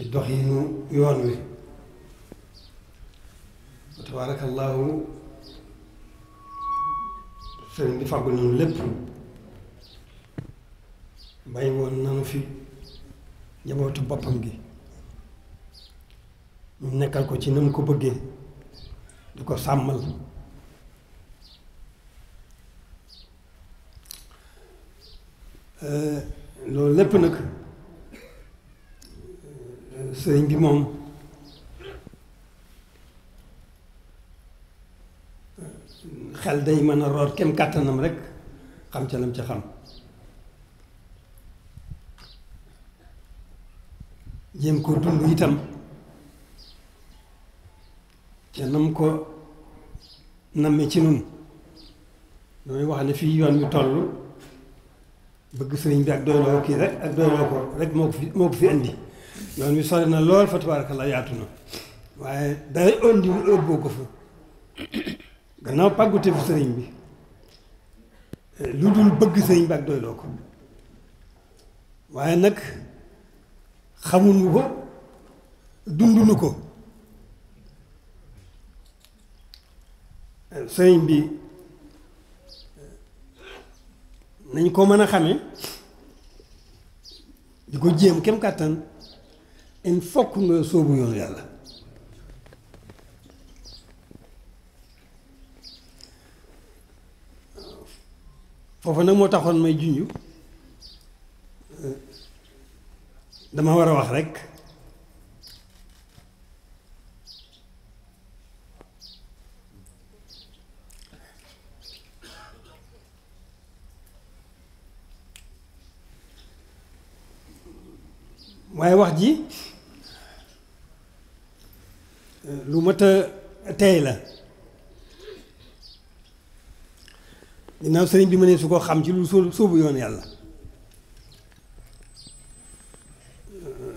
ci doxinu yoon wi tabaarakallaahu sëriñ bi fàggul nañu lépp bàyyi woon nanu fi njabootu boppam gi mu nekkal ko ci na mu ko bëggee di ko sàmmal euh, loolu lépp nag sëriñ bi moom xel day mën a root kenn kàttanam rek xam ca lam ca xam jéem ko dund itam ca nam ko namme ci nun damay wax ne fii yoon wi toll bëgg sëriñ bi ak doyloo kii rek ak doyloo ko rek moo ko fi moo ko fi indi yoon wi sori na lool fa tabaarakallaa yaatu na waaye day ondiwul ëbboo ko fa gannaaw pàggute fu sëriñ bi eh, lu dul bëgg sëriñ bi ak doyloo ko waaye nag xamuñu ko dunduñu ko eh, sëriñ bi eh, nañ ko mën a xame di ko jéem kem kàttan il faut nga yàlla foofu nag moo taxoon may junju dama war a wax rekk waaye wax ji lu mat a tey la ginnaaw sëriñ bi ma ne su ko xam ci lu sóobu yoon yàlla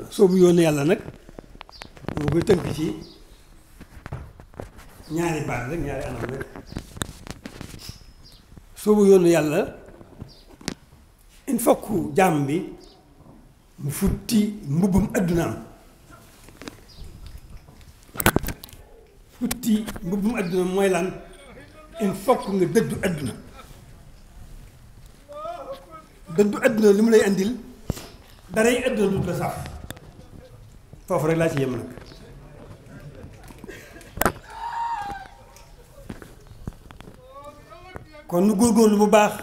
sóobu yoon yàlla nag moo koy tënk ci ñaari baat rek ñaari anam rek sóobu yoonu yàlla il faut que bi mu futti mbubbum addunaam utti mbubbum adduna mooy lan il nga dëddu adduna dëddu adduna li mu lay andil daray adduna foofu rek laa ci yem nag kon nu góorgóorlu bu baax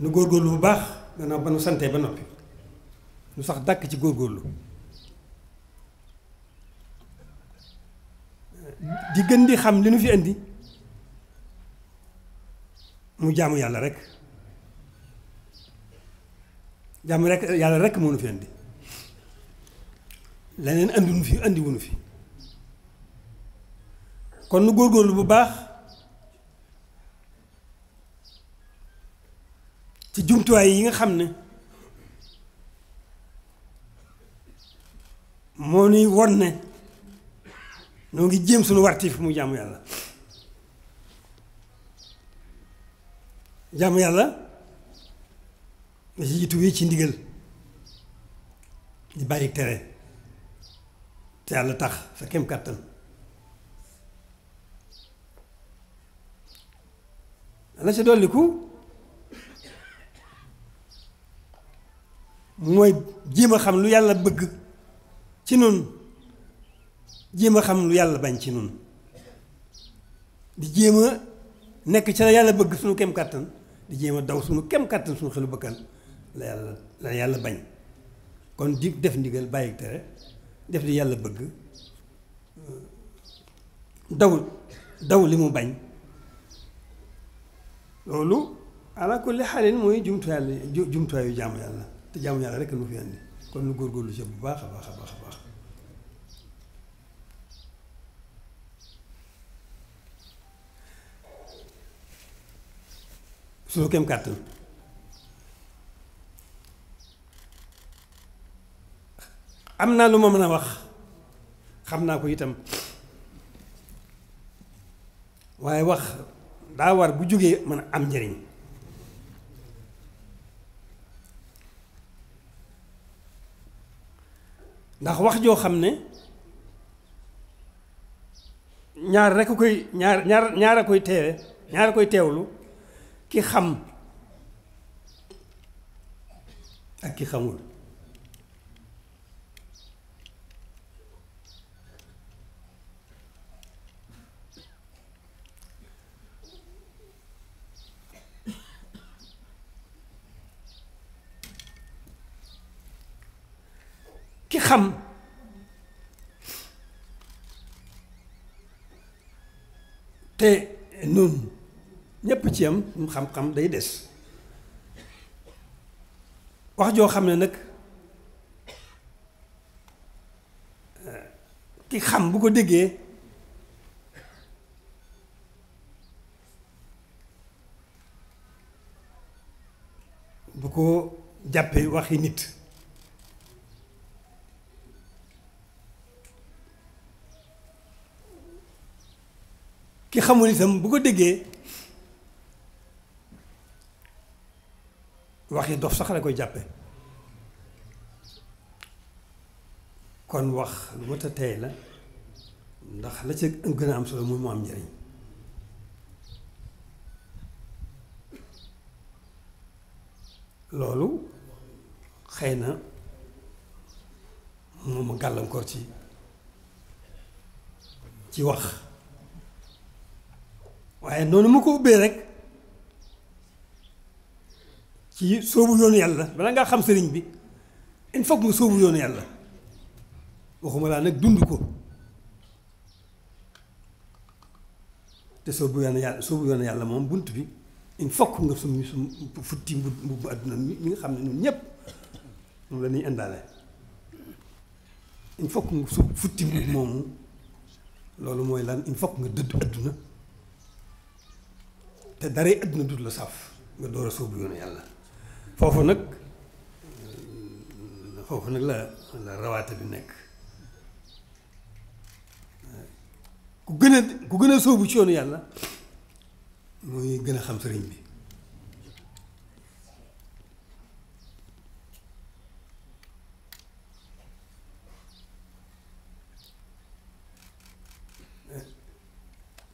nu góorgóorlu bu baax gannaaw ba nu santee ba noppi lu sax dàkk ci góorgóorlu di gën di xam li nu fi indi mu jaamu yàlla rek jaamu rekk yàlla rek moo nu fi indi leneen andi nu fi andi wunu fi kon nu góorgóorlu bu baax ci jumtuwaay yi nga xam ne moo nuy won ne ngi jéem suñu wartif mu jàmm yàlla jàmm yàlla nga ci jiitu wii ci ndigal di bàyyi tere te yàlla tax sa kem kàttan la si dolliku mooy jéem a xam lu yàlla bëgg ci noonu jéem a xam lu yàlla bañ ci noonu di jéem a nekk ca la yàlla bëgg suñu kem kàttan di jéem a daw suñu kem kàttan suñu xelu bëkkan la yàlla la yàlla bañ kon di def ndigal bàyyi tere def li yàlla bëgg daw daw li mu bañ loolu ala kulli xaalin mooy jumtuwaay jumtuwaayu jaamu yàlla te jaamu yàlla rek lu fi andi kon nu góorgóorlu ci bu baax a baax a baax a baax suñu kem kàttan am naa lu ma mën a wax xam naa ko itam waaye wax daa war bu jógee mën a am njariñ ndax wax joo xam ne ñaar rekk koy ñaar ñaar ñaar a koy teewe ñaar a koy teewlu ki xam ak ki xamul ki xam te nun ñépp ci am xam-xam day des wax joo xam ne nag ki xam bu ko déggee bu ko jàppee waxi nit ki xamul itam bu ko déggee wax yi sax la koy jàppe kon wax lu mat a tey la ndax la ca gën a am solo muy mu am njëriñ loolu xëy na moom gàllankoor ci ci wax waaye noonu ma ko ubbee rek ci sóobu yoonu yàlla bala ngaa xam sëriñ bi il faut nga sóobu yoonu yàlla waxuma nag dund ko te sóobu yoonu yàlla sóobu yoonu yàlla moom bunt bi il faut nga sum sum futti mbubb mi nga xam ne ñëpp moom la ñuy indaale il faut moomu loolu mooy lan in faut nga dëdd àdduna te daree àdduna dut la saf nga door a sóobu yoonu yàlla foofu nag foofu nag la la rawaate bi nekk ku gën a ku gën a sóobu ci yoonu yàlla muy gën a xam sëriñ bi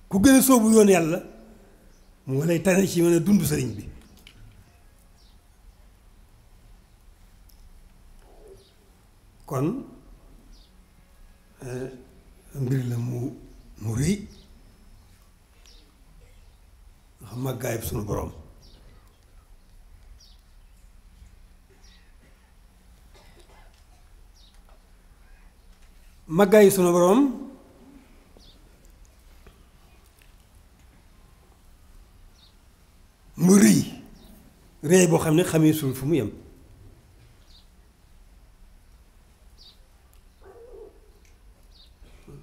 ku gën a sóobu yoonu yàlla mu lay tane ci mën a dund sëriñ bi kon eh, mbir la mu mu rëy xam màggaayub sunu boroom màggaayu sunu boroom mu rëy rëy boo xam ne xamee suul fu mu yem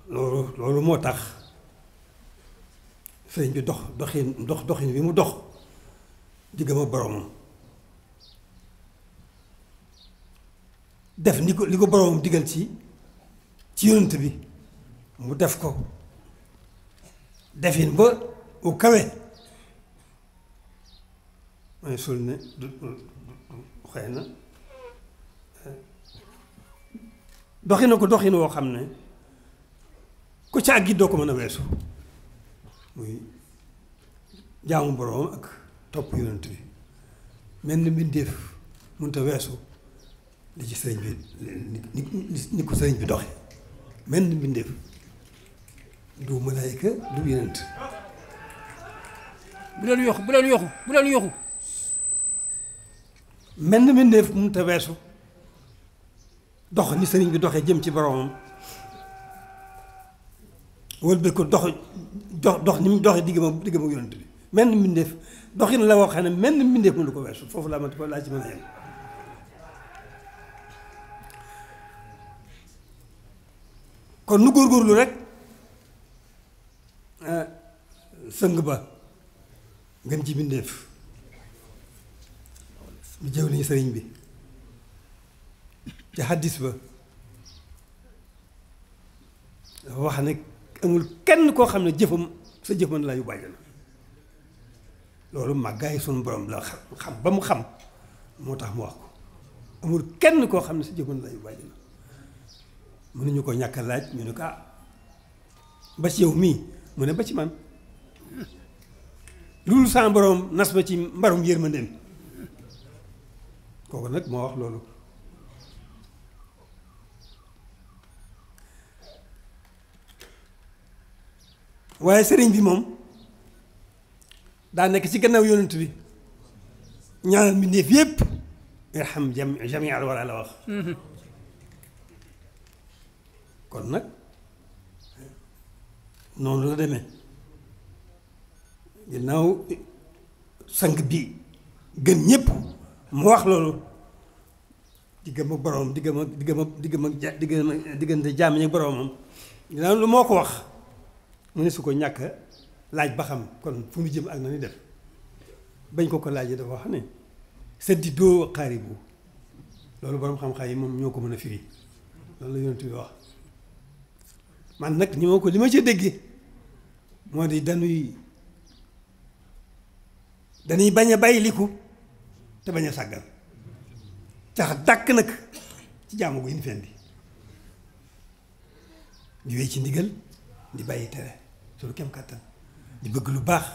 loolu loolu moo tax sëriñ bi dox doxin dox doxin bi mu dox diggam ak boromam def ni ko li ko boromam digal ci ci yonent bi mu def ko defin ba u kawe may sul ne du xëy na eh, doxi na ko doxin woo xam ne ko ca àgg doo ko mën a weesu muy jaamu boroom ak topp yonent bi mel ni mbindeef mënut a weesu li ci sëriñ bi ni ni ko sëriñ bi doxe mel ni du malaayka du yonent bu leen yoxu bu leen yoxu bu leen yoxu mel ni mbindeef mënut weesu dox ni sëriñ bi doxe jëm ci boroomam wëlbati ko dox dox dox ni mu doxee digg moom digg moom yonent bi mel ni mbindeef doxin la woo xam mel ni mbindeef mënu ko weesu foofu laa ko rek ah, sëng ba ngeen ci mbindeef mu jëw liñu sëriñ bi ci xaddis ba dafa wax ne amul kenn koo xam ne jëfam sa jëfam la yu bàyyi loolu loolu yi suñu borom la xam ba mu xam moo tax mu wax ko amul kenn koo xam ne sa jëfam la yu bàyyi na mënuñu ko ñàkk laaj ñu ne ko ah ba ci yow mii mu ne ba ci man loolu sa borom nas ba ci mbarum yërmandeem kooku nag moo wax loolu waaye sëriñ bi moom daa nekk ci gannaaw yonent bi ñaanal mbindéef yépp irham jami jami al wara la wax kon nag noonu la demee ginnaaw sang bi gën ñépp mu wax loolu diggam ak boroomam diggam ak diggam ak diggam ak diggante jaam ak boroomam ginnaaw lu moo ko wax mu ne su ko ñàkk laaj ba xam kon fu mu jëm ak na ni def bañ ko ko laajee dafa wax ne sëddi doo xaaribu loolu borom xam-xam yi moom ñoo ko mën a firi loolu la yonent bi wax man nag ni ma ko li ma ci déggee moo de danuy dañuy bañ a bàyyiliku te bañ a sàggal tax dàkk nag ci jaamu gu ñu fendi di ci ndigal di bàyyi tere suñu kem kàttan di bëgg lu baax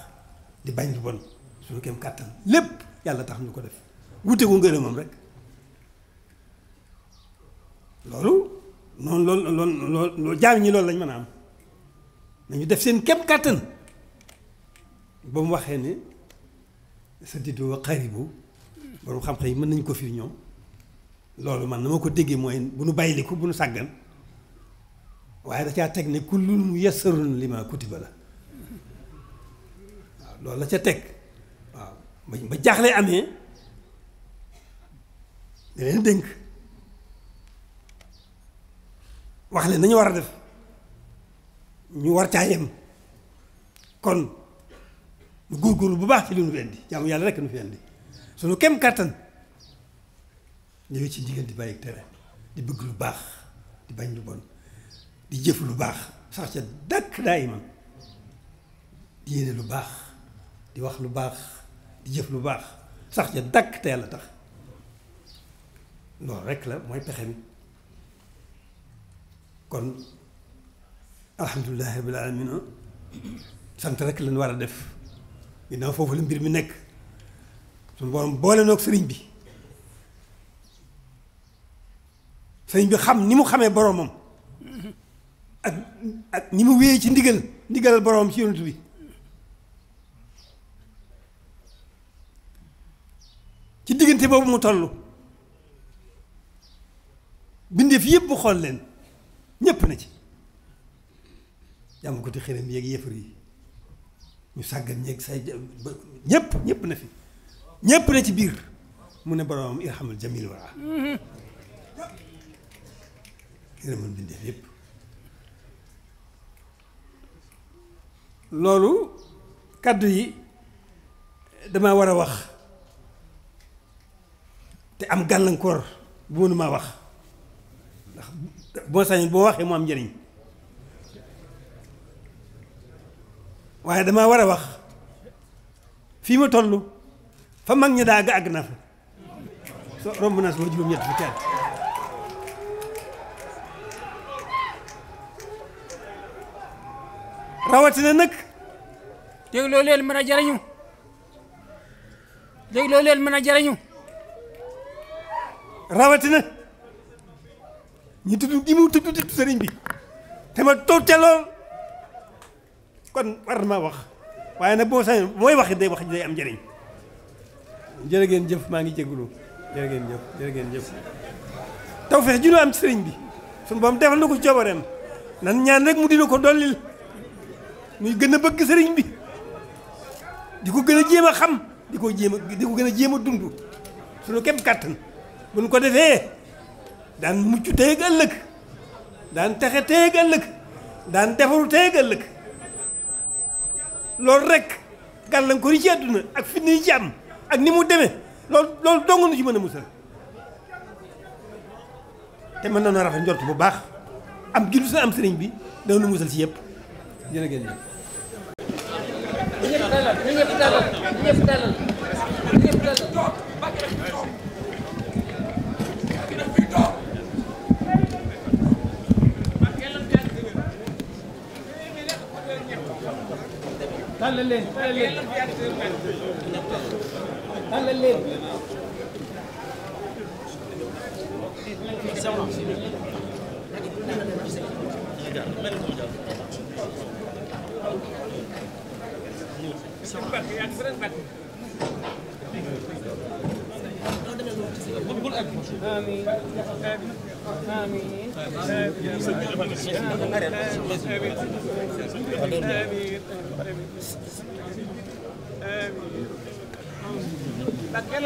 di bañ lu bon suñu kem kàttan lépp yàlla tax ñu ko def wute gu ngërëmam rek loolu noonu loolu loolu loolu jaam ñi loolu lañ mën a am nañu def seen kem kàttan ba mu waxee ni sa didu wa xaribu borom xam-xam yi mën nañu ko firi ñoom loolu man na ma ko déggee mooy bu nu bàyyiliku bu nu sàggan waaye da caa teg ne kullun mu yassarun lima kutiba la waaw loolu la ca teg waaw ba jaaxle amee da leen dénk wax leen nañu war a def ñu war caa yem kon lu góorgóorlu bu baax ci li nu fi indi jaamu yàlla rek nu fi indi sunu kem kàttan ñëwee ci ndigal di bàyyi tere di bëgg lu baax di bañ lu bon di jëf lu baax sax ca dàkk daay man di yéene lu baax di wax lu baax di jëf lu baax sax ca dàkk te yàlla tax loolu rek la mooy pexe mi kon alhamdulilahi rabbil alamina sant rek lañ war a def ginnaaw foofu la mbir mi nekk suñu borom boole noog sëriñ bi sëriñ bi xam ni mu xamee boromam ak ni mu wéyee ci ndigal ndigalal boroom ci yonent bi ci diggante boobu mu toll bindeef yëpp xool leen ñépp na ci jàmm ko te xërëm yeeg yëfar yi ñu sàggan ñépp ñépp na fi ñépp na ci biir mu ne boroomam irhamul jamil wara mm-hmm. yërëmal bindeef yëpp loolu kàddu yi dama war a wax te am gàllankoor bu mënuma wax ndax boo sañoon boo waxee mu am njëriñ waaye dama war a wax fii ma toll fa mag ñi daa àgg na fa so romb naa sama juróom-ñett fi teel rawatina nag léegi loolu leen mën a jarañu léegi loolu leen mën a rawatina ñu tudd gi mu tudd tudd sëriñ bi te ma toog ca lool kon war na wax waaye nag boo sañ booy wax day wax day am njëriñ jërë jëf maa ngi jégalu jërë ngeen jëf jërë ngeen jëf tawfeex am ci sëriñ bi suñu boom defal na ko coobareem nan ñaan rek mu dina ko dollil muy gën a bëgg sëriñ bi di ko gën a jéem a xam di ko jéem a di ko gën a jéem a dund suñu képp kàttan buñ ko defee daan mucc teeg ëllëg daan texe teeg ëllëg daan defaru teeg ëllëg loolu rek gàllankoor yi ci àdduna ak fitna ci am ak ni mu deme loolu loolu dong nu ci mën a musal te mën na noo rafet njort bu baax am gi lu sa am sëriñ bi dana nu musal ci yëpp jërëjëf ñu ñëpp dalal ñu ñëpp dalal ñu ñëpp dalal tàllal leen tàllal leen tàllal leen sama amiin amiin